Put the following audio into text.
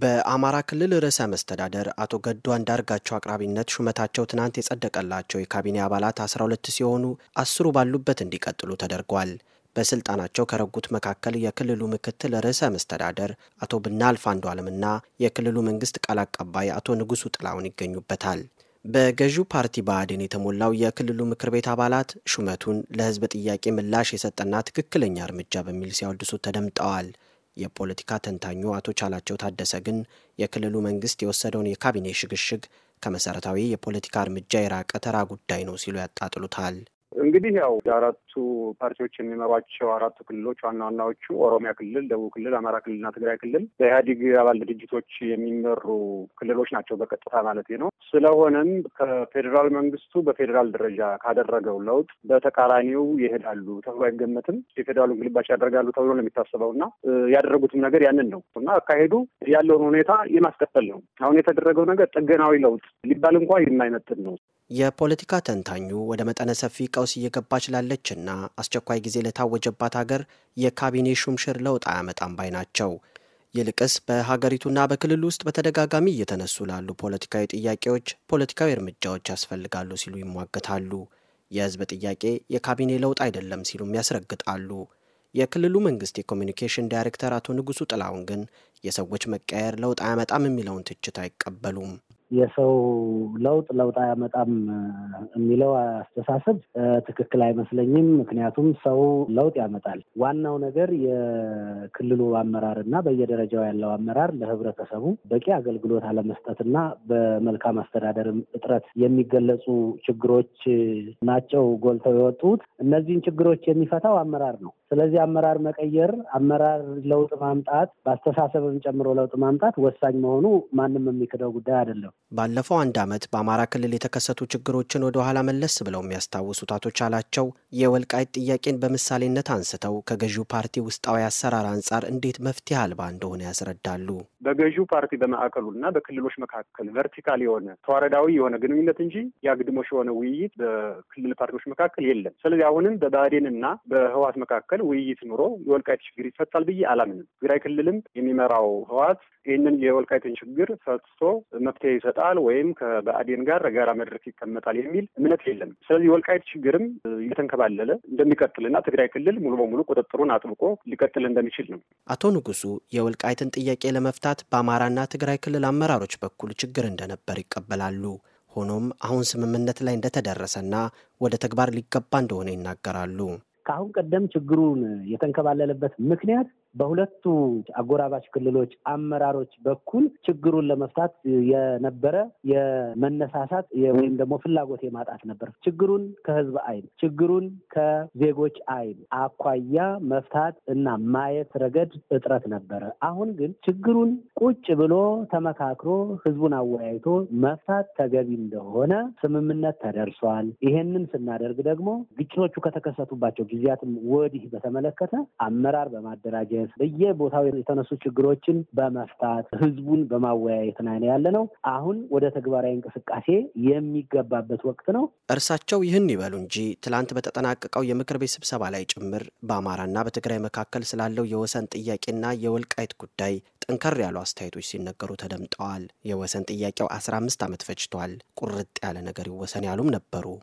በአማራ ክልል ርዕሰ መስተዳደር አቶ ገዱ አንዳርጋቸው አቅራቢነት ሹመታቸው ትናንት የጸደቀላቸው የካቢኔ አባላት 12 ሲሆኑ አስሩ ባሉበት እንዲቀጥሉ ተደርጓል። በስልጣናቸው ከረጉት መካከል የክልሉ ምክትል ርዕሰ መስተዳደር አቶ ብናልፍ አንዱዓለምና የክልሉ መንግስት ቃል አቀባይ አቶ ንጉሱ ጥላውን ይገኙበታል። በገዢው ፓርቲ ብአዴን የተሞላው የክልሉ ምክር ቤት አባላት ሹመቱን ለህዝብ ጥያቄ ምላሽ የሰጠና ትክክለኛ እርምጃ በሚል ሲያወድሱ ተደምጠዋል። የፖለቲካ ተንታኙ አቶ ቻላቸው ታደሰ ግን የክልሉ መንግስት የወሰደውን የካቢኔ ሽግሽግ ከመሰረታዊ የፖለቲካ እርምጃ የራቀ ተራ ጉዳይ ነው ሲሉ ያጣጥሉታል። እንግዲህ ያው አራቱ ፓርቲዎች የሚመሯቸው አራቱ ክልሎች ዋና ዋናዎቹ ኦሮሚያ ክልል፣ ደቡብ ክልል፣ አማራ ክልልና ትግራይ ክልል በኢህአዲግ አባል ድርጅቶች የሚመሩ ክልሎች ናቸው በቀጥታ ማለት ነው። ስለሆነም ከፌዴራል መንግስቱ በፌዴራል ደረጃ ካደረገው ለውጥ በተቃራኒው ይሄዳሉ ተብሎ አይገመትም። የፌዴራሉን ግልባጭ ያደርጋሉ ተብሎ ነው የሚታሰበው እና ያደረጉትም ነገር ያንን ነው እና አካሄዱ ያለውን ሁኔታ የማስቀጠል ነው። አሁን የተደረገው ነገር ጥገናዊ ለውጥ ሊባል እንኳ የማይመጥን ነው። የፖለቲካ ተንታኙ ወደ መጠነ ሰፊ ቀውስ እየገባች ላለችና አስቸኳይ ጊዜ ለታወጀባት ሀገር የካቢኔ ሹምሽር ለውጥ አያመጣም ባይ ናቸው። ይልቅስ በሀገሪቱና በክልል ውስጥ በተደጋጋሚ እየተነሱ ላሉ ፖለቲካዊ ጥያቄዎች ፖለቲካዊ እርምጃዎች ያስፈልጋሉ ሲሉ ይሟገታሉ። የህዝብ ጥያቄ የካቢኔ ለውጥ አይደለም ሲሉም ያስረግጣሉ። የክልሉ መንግስት የኮሚኒኬሽን ዳይሬክተር አቶ ንጉሱ ጥላሁን ግን የሰዎች መቀየር ለውጥ አያመጣም የሚለውን ትችት አይቀበሉም። የሰው ለውጥ ለውጥ አያመጣም የሚለው አስተሳሰብ ትክክል አይመስለኝም። ምክንያቱም ሰው ለውጥ ያመጣል። ዋናው ነገር የክልሉ አመራር እና በየደረጃው ያለው አመራር ለህብረተሰቡ በቂ አገልግሎት አለመስጠትና በመልካም አስተዳደርም እጥረት የሚገለጹ ችግሮች ናቸው ጎልተው የወጡት። እነዚህን ችግሮች የሚፈታው አመራር ነው። ስለዚህ አመራር መቀየር፣ አመራር ለውጥ ማምጣት፣ በአስተሳሰብም ጨምሮ ለውጥ ማምጣት ወሳኝ መሆኑ ማንም የሚክደው ጉዳይ አይደለም። ባለፈው አንድ ዓመት በአማራ ክልል የተከሰቱ ችግሮችን ወደ ኋላ መለስ ብለው የሚያስታውሱት አቶ ቻላቸው የወልቃይት ጥያቄን በምሳሌነት አንስተው ከገዢው ፓርቲ ውስጣዊ አሰራር አንጻር እንዴት መፍትሄ አልባ እንደሆነ ያስረዳሉ። በገዢው ፓርቲ በማዕከሉና በክልሎች መካከል ቨርቲካል የሆነ ተዋረዳዊ የሆነ ግንኙነት እንጂ ያግድሞሽ የሆነ ውይይት በክልል ፓርቲዎች መካከል የለም። ስለዚህ አሁንም በባዴንና በህዋት መካከል ውይይት ኑሮ የወልቃይት ችግር ይፈታል ብዬ አላምንም። ትግራይ ክልልም የሚመራው ህዋት ይህንን የወልቃይትን ችግር ፈትቶ መፍትሄ ይሰጣል ወይም ከባዴን ጋር ጋራ መድረክ ይቀመጣል የሚል የሚል እምነት የለም። ስለዚህ ወልቃይት ችግርም እየተንከባለለ እንደሚቀጥልና ትግራይ ክልል ሙሉ በሙሉ ቁጥጥሩን አጥብቆ ሊቀጥል እንደሚችል ነው። አቶ ንጉሱ የወልቃይትን ጥያቄ ለመፍታት በአማራና ትግራይ ክልል አመራሮች በኩል ችግር እንደነበር ይቀበላሉ። ሆኖም አሁን ስምምነት ላይ እንደተደረሰና ወደ ተግባር ሊገባ እንደሆነ ይናገራሉ። ከአሁን ቀደም ችግሩን የተንከባለለበት ምክንያት በሁለቱ አጎራባች ክልሎች አመራሮች በኩል ችግሩን ለመፍታት የነበረ የመነሳሳት ወይም ደግሞ ፍላጎት የማጣት ነበር። ችግሩን ከህዝብ አይን፣ ችግሩን ከዜጎች አይን አኳያ መፍታት እና ማየት ረገድ እጥረት ነበረ። አሁን ግን ችግሩን ቁጭ ብሎ ተመካክሮ ህዝቡን አወያይቶ መፍታት ተገቢ እንደሆነ ስምምነት ተደርሷል። ይሄንን ስናደርግ ደግሞ ግጭቶቹ ከተከሰቱባቸው ጊዜያትም ወዲህ በተመለከተ አመራር በማደራጀ በመደገፍ በየቦታው የተነሱ ችግሮችን በመፍታት ህዝቡን በማወያየት ነው ያለ ነው። አሁን ወደ ተግባራዊ እንቅስቃሴ የሚገባበት ወቅት ነው። እርሳቸው ይህን ይበሉ እንጂ ትላንት በተጠናቀቀው የምክር ቤት ስብሰባ ላይ ጭምር በአማራና በትግራይ መካከል ስላለው የወሰን ጥያቄና የወልቃይት ጉዳይ ጠንከር ያሉ አስተያየቶች ሲነገሩ ተደምጠዋል። የወሰን ጥያቄው 15 ዓመት ፈጅቷል፣ ቁርጥ ያለ ነገር ይወሰን ያሉም ነበሩ።